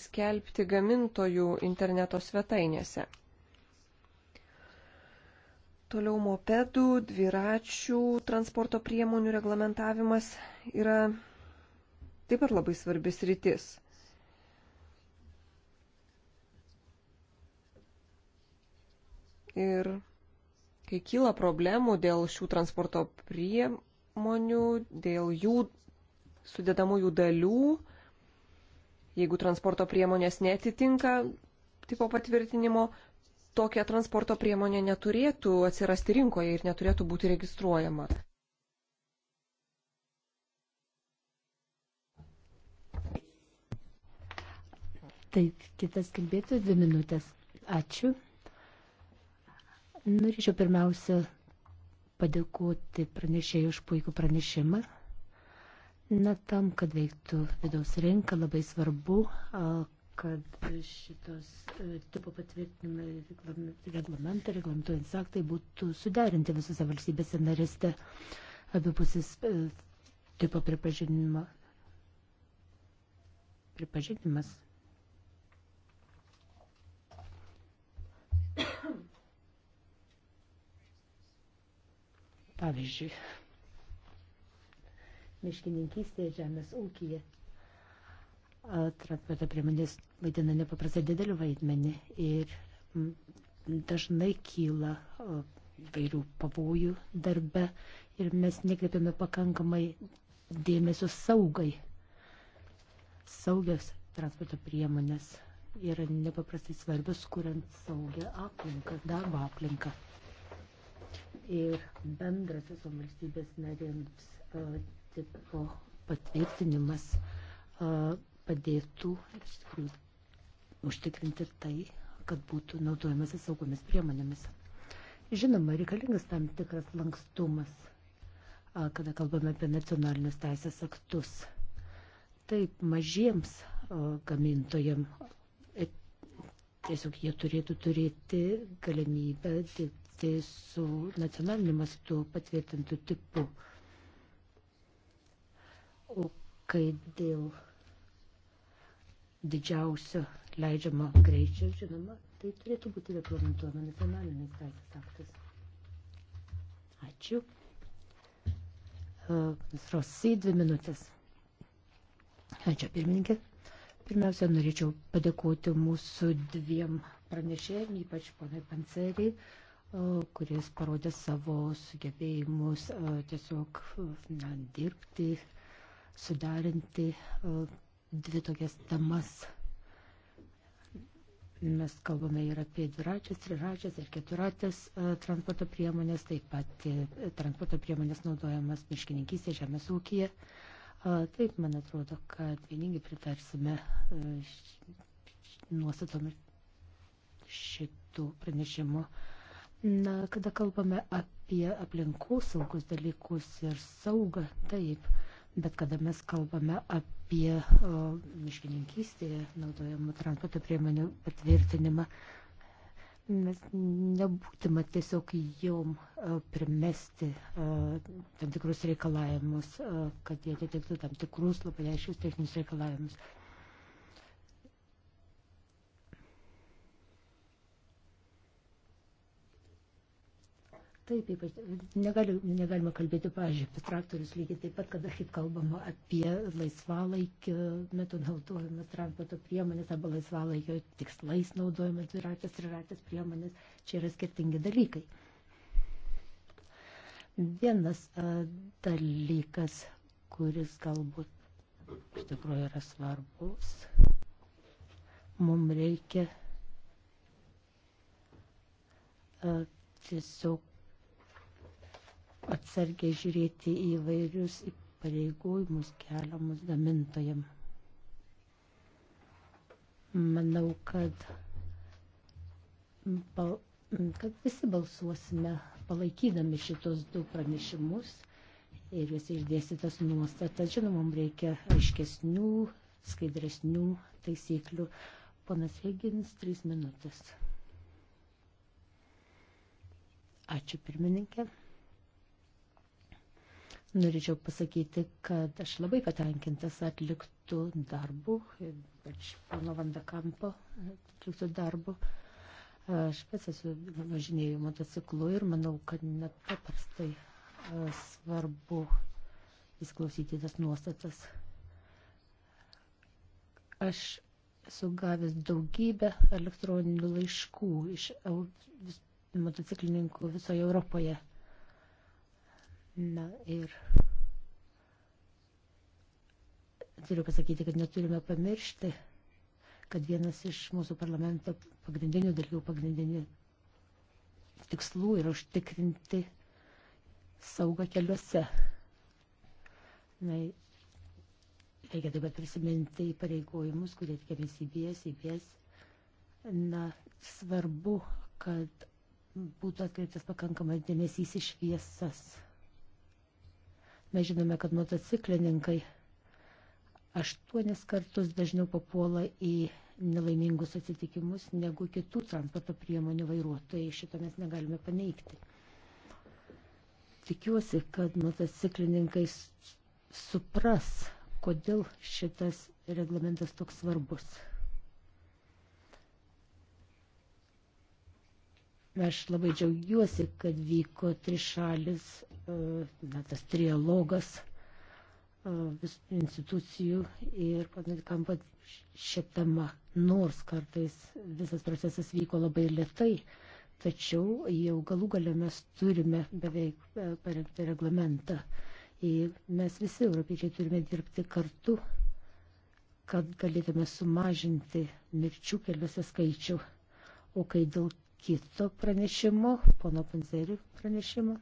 skelbti gamintojų interneto svetainėse. Toliau mopedų, dviračių, transporto priemonių reglamentavimas yra taip pat labai svarbis rytis. Ir kai kyla problemų dėl šių transporto priemonių, dėl jų sudėdamųjų dalių, jeigu transporto priemonės netitinka tipo patvirtinimo, tokia transporto priemonė neturėtų atsirasti rinkoje ir neturėtų būti registruojama. Taip, kitas kalbėtų dvi minutės. Ačiū. Norėčiau pirmiausia padėkoti pranešėjai už puikų pranešimą. Na, tam, kad veiktų vidaus rinka, labai svarbu, kad šitos e, tipo patvirtinimai reglamentai, reglamentuojant aktai būtų suderinti visose valstybėse narėse abipusis e, tipo pripažinimo. Pripažinimas. Pavyzdžiui miškininkystėje, žemės ūkyje. Transporto priemonės vaidina nepaprastai didelį vaidmenį ir dažnai kyla įvairių pavojų darbe ir mes nekreipiame pakankamai dėmesio saugai. Saugios transporto priemonės yra nepaprastai svarbios, kuriant saugią aplinką, darbo aplinką. Ir bendras visom valstybės narėms tipo patvirtinimas padėtų tikrųjų, užtikrinti tai, kad būtų naudojamasi saugomis priemonėmis. Žinoma, reikalingas tam tikras lankstumas, kada kalbame apie nacionalinius teisės aktus. Taip, mažiems gamintojams e, tiesiog jie turėtų turėti galimybę dirbti su nacionaliniu mastu patvirtintų tipų. Uh, O kai dėl didžiausio leidžiamo greičio, žinoma, tai turėtų būti reglamentuojama nacionalinis teisės aktas. Ačiū. Panas e, Rosy, dvi minutės. Ačiū, pirmininkė. Pirmiausia, norėčiau padėkoti mūsų dviem pranešėjim, ypač ponai Panceriai, e, kuris parodė savo sugebėjimus e, tiesiog na, dirbti suderinti e, dvi tokias temas. Mes kalbame ir apie dviračius, triračius ir keturatės e, transporto priemonės, taip pat e, transporto priemonės naudojamas miškininkystė, žemės ūkija. Taip, man atrodo, kad vieningai pritarsime nuostatom šitų pranešimų. Na, kada kalbame apie aplinkos saugus dalykus ir saugą, taip Bet kada mes kalbame apie o, miškininkystėje naudojamų transporto priemonių patvirtinimą, mes nebūtima tiesiog jom primesti tam tikrus reikalavimus, kad jie atitiktų tam tikrus labai aiškius techninius reikalavimus. Taip, ypač negali, negalima kalbėti, pažiūrėjau, apie traktorius lygiai taip pat, kada kaip kalbama apie laisvalaikio metu naudojamas transporto priemonės arba laisvalaikio tikslais naudojamas dviratės, triratės priemonės, čia yra skirtingi dalykai. Vienas a, dalykas, kuris galbūt iš tikrųjų yra svarbus, mums reikia a, tiesiog atsargiai žiūrėti į vairius įpareigojimus keliamus gamintojam. Manau, kad, kad visi balsuosime palaikydami šitos du pranešimus ir visi išdėstytas nuostatas. Žinoma, mums reikia aiškesnių, skaidresnių taisyklių. Ponas Reginis, trys minutės. Ačiū pirmininkė. Norėčiau pasakyti, kad aš labai patenkintas atliktų darbų, ypač pono Vandakampo atliktų darbų. Aš pats esu važinėjau motociklu ir manau, kad nepaprastai e, svarbu įsiklausyti tas nuostatas. Aš esu gavęs daugybę elektroninių laiškų iš motociklininkų visoje Europoje. Na ir turiu pasakyti, kad neturime pamiršti, kad vienas iš mūsų parlamento pagrindinių dalykų, pagrindinių tikslų yra užtikrinti saugą keliuose. Na, reikia taip pat prisiminti įpareigojimus, kurie tikėmi CBS, CBS. Na, svarbu, kad būtų atkreiptas pakankamas dėmesys į šviesas Mes žinome, kad motociklininkai aštuonis kartus dažniau papuola į nelaimingus atsitikimus negu kitų transporto priemonių vairuotojai. Šito mes negalime paneigti. Tikiuosi, kad motociklininkai supras, kodėl šitas reglamentas toks svarbus. Aš labai džiaugiuosi, kad vyko trišalis, e, na, tas trialogas e, visų institucijų ir kampat šią temą, nors kartais visas procesas vyko labai lietai, tačiau jau galų galę mes turime beveik e, parengti reglamentą. Ir mes visi europiečiai turime dirbti kartu, kad galėtume sumažinti mirčių keliuose skaičių. O kai dėl kito pranešimo, pono Panzerių pranešimo,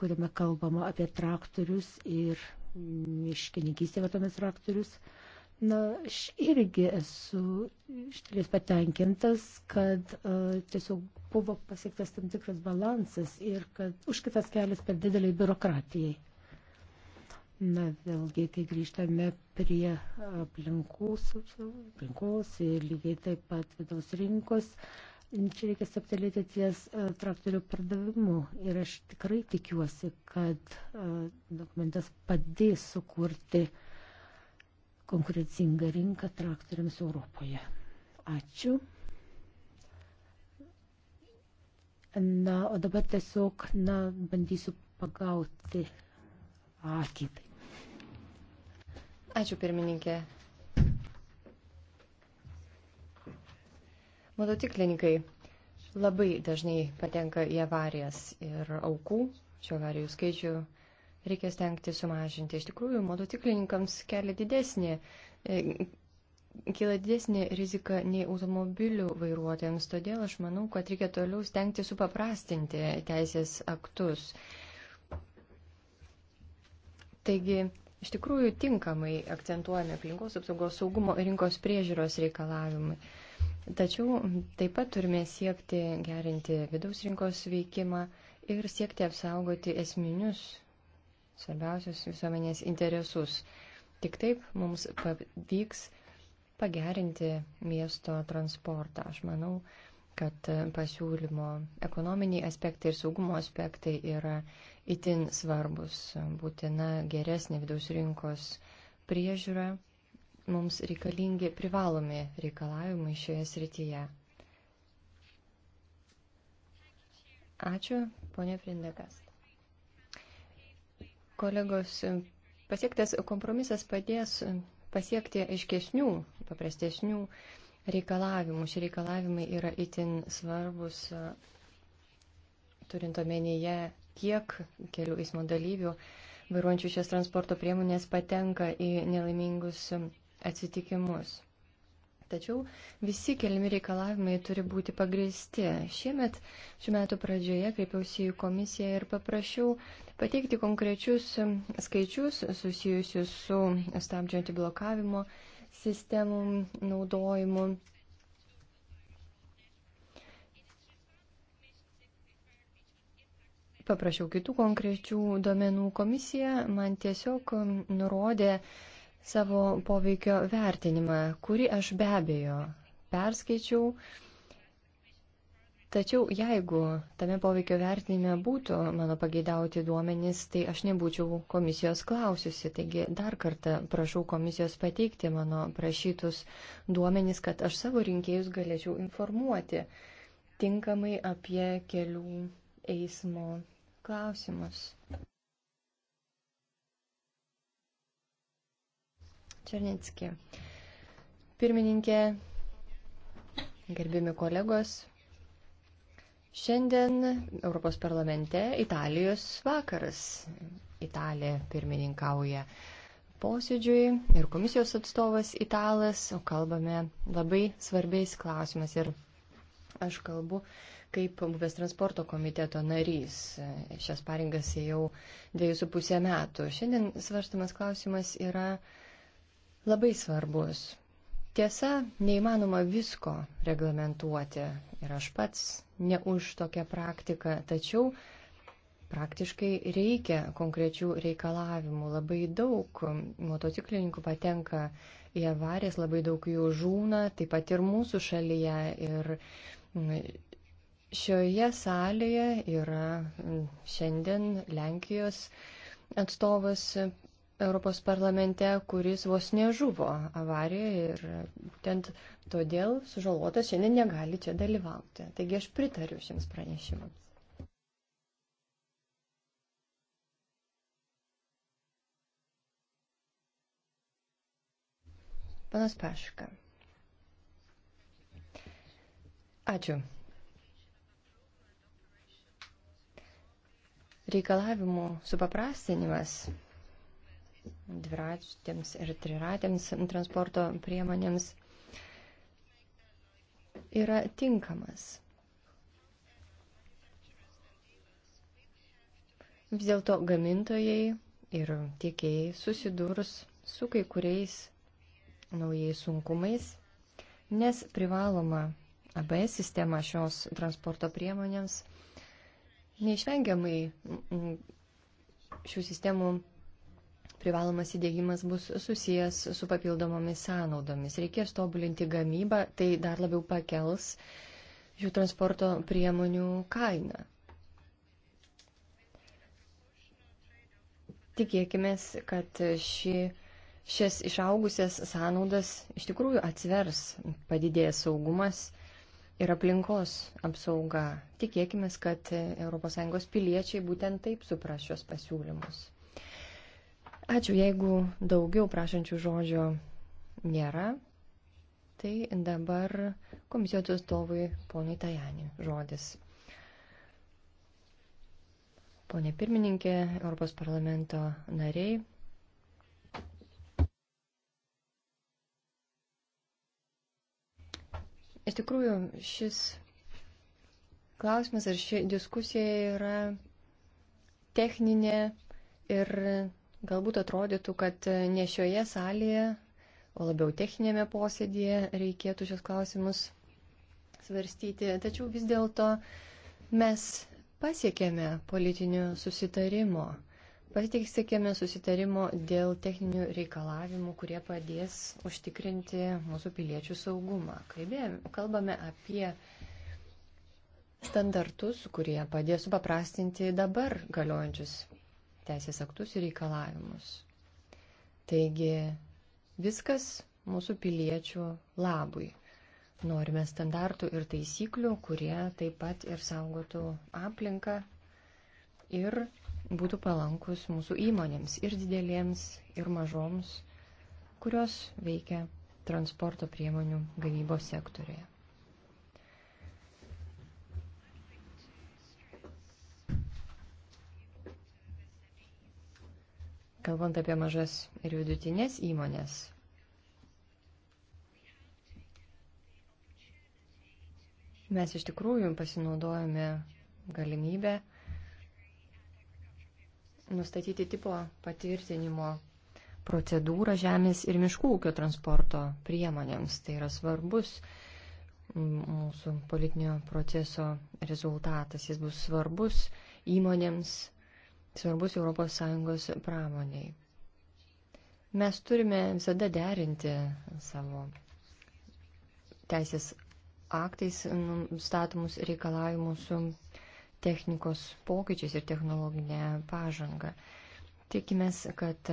kuriame kalbama apie traktorius ir miškininkystė vartomis traktorius. Na, aš irgi esu iš dalies patenkintas, kad uh, tiesiog buvo pasiektas tam tikras balansas ir kad užkitas kelias per didelį biurokratijai. Na vėlgi, kai grįžtame prie aplinkos, aplinkos ir lygiai taip pat vidaus rinkos, čia reikia staptelėti ties e, traktorių pardavimu. Ir aš tikrai tikiuosi, kad e, dokumentas padės sukurti konkurencingą rinką traktoriams Europoje. Ačiū. Na, o dabar tiesiog, na, bandysiu pagauti akį. Ačiū pirmininkė. Motociklininkai labai dažnai patenka į avarijas ir aukų šio avarijų skaičių reikia stengti sumažinti. Iš tikrųjų, motociklininkams kelia didesnė, e, kyla didesnė rizika nei automobilių vairuotojams, todėl aš manau, kad reikia toliau stengti supaprastinti teisės aktus. Taigi, iš tikrųjų tinkamai akcentuojami aplinkos apsaugos saugumo ir rinkos priežiūros reikalavimai. Tačiau taip pat turime siekti gerinti vidaus rinkos veikimą ir siekti apsaugoti esminius, svarbiausius visuomenės interesus. Tik taip mums pavyks pagerinti miesto transportą. Aš manau, kad e, pasiūlymo ekonominiai aspektai ir saugumo aspektai yra itin svarbus. Būtina geresnė vidaus rinkos priežiūra. Mums reikalingi privalomi reikalavimai šioje srityje. Ačiū, ponė Frindekas. Kolegos, pasiektas kompromisas padės pasiekti aiškesnių, paprastesnių reikalavimų. Šie reikalavimai yra itin svarbus, e, turint omenyje, kiek kelių eismo dalyvių vairuojančių šias transporto priemonės patenka į nelaimingus atsitikimus. Tačiau visi keliami reikalavimai turi būti pagristi. Šiemet, šių metų pradžioje, kreipiausi į komisiją ir paprašiau pateikti konkrečius skaičius susijusius su stabdžio antiblokavimo blokavimo sistemų naudojimu. Paprašiau kitų konkrečių duomenų komisija, man tiesiog nurodė savo poveikio vertinimą, kurį aš be abejo perskaičiau. Tačiau jeigu tame poveikio vertinime būtų mano pageidauti duomenys, tai aš nebūčiau komisijos klausiusi. Taigi dar kartą prašau komisijos pateikti mano prašytus duomenys, kad aš savo rinkėjus galėčiau informuoti tinkamai apie kelių eismo klausimus. Černitski. Pirmininkė, gerbimi kolegos, Šiandien Europos parlamente Italijos vakaras. Italija pirmininkauja posėdžiui ir komisijos atstovas Italas, o kalbame labai svarbiais klausimais ir aš kalbu kaip buvęs transporto komiteto narys. Šias pareigas jau dviejus su pusė metų. Šiandien svarstamas klausimas yra labai svarbus. Tiesa, neįmanoma visko reglamentuoti ir aš pats ne už tokią praktiką, tačiau praktiškai reikia konkrečių reikalavimų. Labai daug motociklininkų patenka į avarijas, labai daug jų žūna, taip pat ir mūsų šalyje. Ir mm, šioje salėje yra mm, šiandien Lenkijos atstovas Europos parlamente, kuris vos nežuvo avarijoje ir būtent todėl sužalotas šiandien negali čia dalyvauti. Taigi aš pritariu šiems pranešimams. Panas Paška. Ačiū. Reikalavimų supaprastinimas dviratėms ir triratėms transporto priemonėms yra tinkamas. Vis dėlto gamintojai ir tiekėjai susidurs su kai kuriais naujais sunkumais, nes privaloma ABS sistema šios transporto priemonėms neišvengiamai šių sistemų privalomas įdėgymas bus susijęs su papildomomis sąnaudomis. Reikės tobulinti gamybą, tai dar labiau pakels šių transporto priemonių kainą. Tikėkime, kad ši, šias išaugusias sąnaudas iš tikrųjų atsvers, padidėjęs saugumas ir aplinkos apsauga. Tikėkime, kad ES piliečiai būtent taip supras šios pasiūlymus. Ačiū, jeigu daugiau prašančių žodžio nėra, tai dabar komisijos atstovui ponui Tajani žodis. Pone pirmininkė, Europos parlamento nariai. Iš tikrųjų, šis klausimas ar ši diskusija yra techninė ir Galbūt atrodytų, kad ne šioje salėje, o labiau techninėme posėdėje reikėtų šios klausimus svarstyti. Tačiau vis dėlto mes pasiekėme politinių susitarimo. Pasitiksėkėme susitarimo dėl techninių reikalavimų, kurie padės užtikrinti mūsų piliečių saugumą. Kalbėjom, kalbame apie standartus, kurie padės supaprastinti dabar galiojančius teisės aktus ir reikalavimus. Taigi viskas mūsų piliečių labui. Norime standartų ir taisyklių, kurie taip pat ir saugotų aplinką ir būtų palankus mūsų įmonėms ir didelėms, ir mažoms, kurios veikia transporto priemonių gavybos sektorėje. Kalbant apie mažas ir vidutinės įmonės, mes iš tikrųjų pasinaudojame galimybę nustatyti tipo patvirtinimo procedūrą žemės ir miškų ūkio transporto priemonėms. Tai yra svarbus mūsų politinio proceso rezultatas. Jis bus svarbus įmonėms svarbus ES pramoniai. Mes turime visada derinti savo teisės aktais statomus reikalavimus su technikos pokyčiais ir technologinė pažanga. Tikimės, kad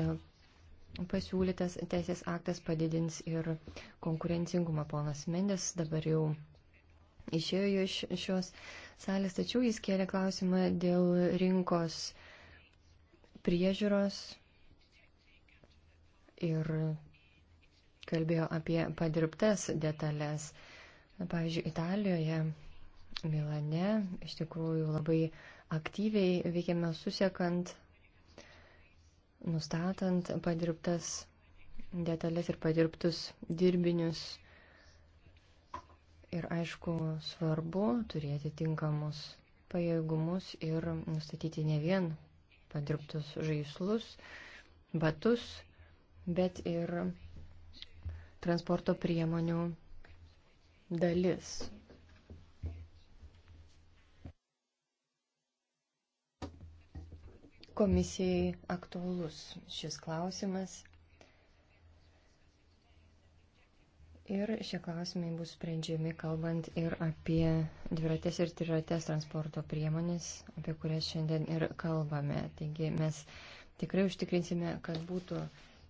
pasiūlytas teisės aktas padidins ir konkurencingumą. Ponas Mendes dabar jau išėjo iš šios salės, tačiau jis kėlė klausimą dėl rinkos priežiūros ir kalbėjo apie padirbtas detalės. Pavyzdžiui, Italijoje, Milane, iš tikrųjų labai aktyviai veikiame susiekant, nustatant padirbtas detalės ir padirbtus dirbinius. Ir aišku, svarbu turėti tinkamus pajėgumus ir nustatyti ne vien padirbtus žaislus, batus, bet ir transporto priemonių dalis. Komisijai aktualus šis klausimas Ir šie klausimai bus sprendžiami kalbant ir apie dviratės ir triratės transporto priemonės, apie kurias šiandien ir kalbame. Taigi mes tikrai užtikrinsime, kad būtų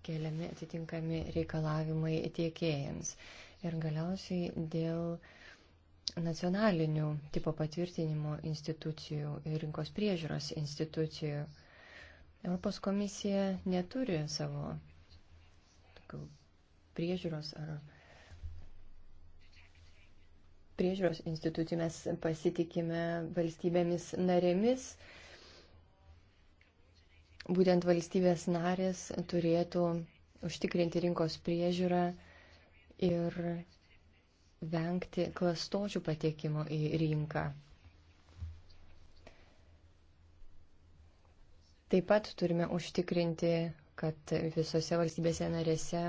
keliami atitinkami reikalavimai tiekėjams. Ir galiausiai dėl nacionalinių tipo patvirtinimo institucijų ir rinkos priežiūros institucijų. Europos komisija neturi savo priežiūros ar priežiūros institucijų mes pasitikime valstybėmis narėmis. Būtent valstybės narės turėtų užtikrinti rinkos priežiūrą ir vengti klastočių patekimo į rinką. Taip pat turime užtikrinti, kad visose valstybėse narėse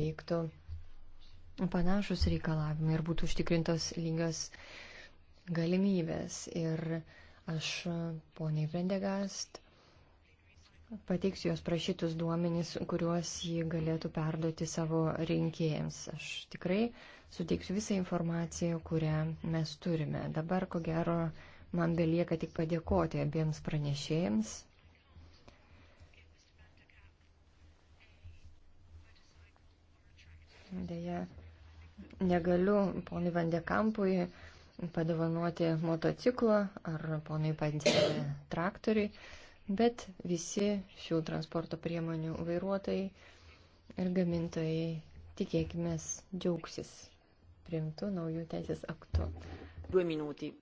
veiktų panašus reikalavimai ir būtų užtikrintos lygios galimybės. Ir aš poniai Vendegast pateiksiu jos prašytus duomenys, kuriuos ji galėtų perduoti savo rinkėjams. Aš tikrai suteiksiu visą informaciją, kurią mes turime. Dabar, ko gero, man belieka tik padėkoti abiems pranešėjams. Deja, negaliu ponui Vandekampui padovanoti motociklo ar ponui padėti traktoriui, bet visi šių transporto priemonių vairuotojai ir gamintojai tikėkime džiaugsis priimtų naujų teisės aktų. Du minutį.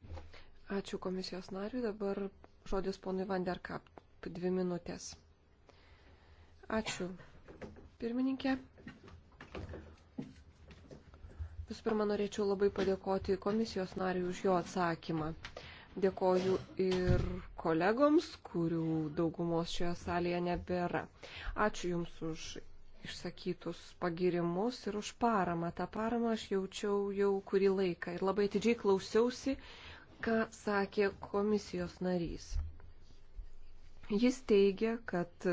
Ačiū komisijos nariui, dabar žodis ponui Vanderkap, dvi minutės. Ačiū. Pirmininkė, Visų pirma, norėčiau labai padėkoti komisijos nariui už jo atsakymą. Dėkoju ir kolegoms, kurių daugumos šioje salėje nebėra. Ačiū Jums už išsakytus pagirimus ir už paramą. Ta parama aš jaučiau jau kurį laiką ir labai atidžiai klausiausi, ką sakė komisijos narys. Jis teigia, kad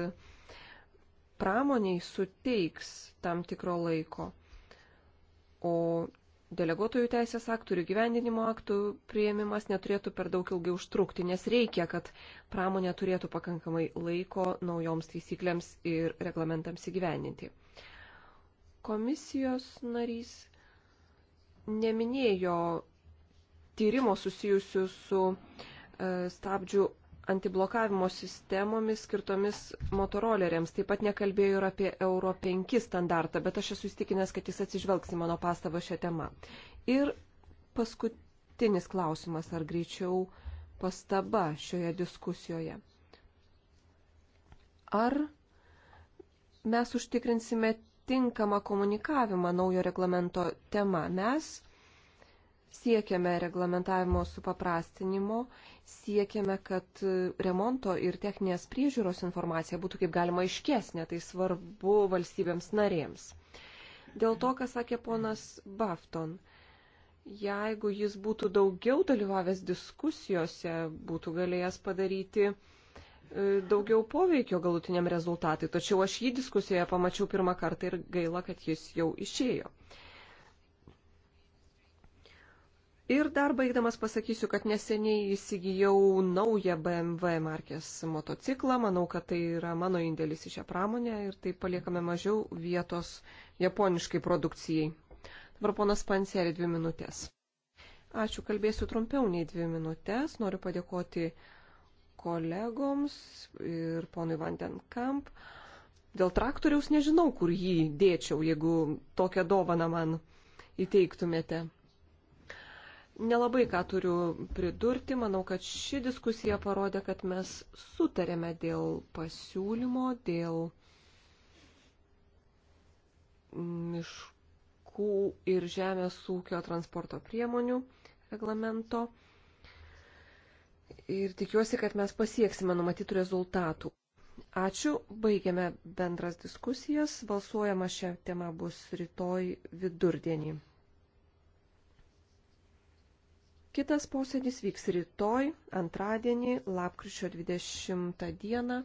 pramoniai suteiks tam tikro laiko o deleguotojų teisės aktų ir gyvendinimo aktų prieimimas neturėtų per daug ilgai užtrukti, nes reikia, kad pramonė turėtų pakankamai laiko naujoms taisyklėms ir reglamentams įgyvendinti. Komisijos narys neminėjo tyrimo susijusių su e, stabdžių antiblokavimo sistemomis skirtomis motoroleriams. Taip pat nekalbėjau ir apie Euro 5 standartą, bet aš esu įstikinęs, kad jis atsižvelgs į mano pastabą šią temą. Ir paskutinis klausimas, ar greičiau pastaba šioje diskusijoje. Ar mes užtikrinsime tinkamą komunikavimą naujo reglamento tema? Mes Siekiame reglamentavimo supaprastinimo, siekiame, kad remonto ir techninės priežiūros informacija būtų kaip galima aiškesnė, tai svarbu valstybėms narėms. Dėl to, ką sakė ponas Bafton, jeigu jis būtų daugiau dalyvavęs diskusijose, būtų galėjęs padaryti e, daugiau poveikio galutiniam rezultatui. Tačiau aš jį diskusijoje pamačiau pirmą kartą ir gaila, kad jis jau išėjo. Ir dar baigdamas pasakysiu, kad neseniai įsigijau naują BMW markės motociklą. Manau, kad tai yra mano indėlis į šią pramonę ir tai paliekame mažiau vietos japoniškai produkcijai. Dabar ponas Panseri dvi minutės. Ačiū, kalbėsiu trumpiau nei dvi minutės. Noriu padėkoti kolegoms ir ponui Vandenkamp. Dėl traktoriaus nežinau, kur jį dėčiau, jeigu tokią dovaną man įteiktumėte. Nelabai ką turiu pridurti, manau, kad ši diskusija parodė, kad mes sutarėme dėl pasiūlymo, dėl miškų ir žemės ūkio transporto priemonių reglamento. Ir tikiuosi, kad mes pasieksime numatytų rezultatų. Ačiū, baigiame bendras diskusijas, balsuojama šią temą bus rytoj vidurdienį. Kitas posėdis vyks rytoj, antradienį, lapkričio 20 dieną,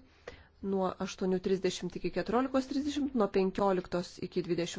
nuo 8.30 iki 14.30, nuo 15 iki 20.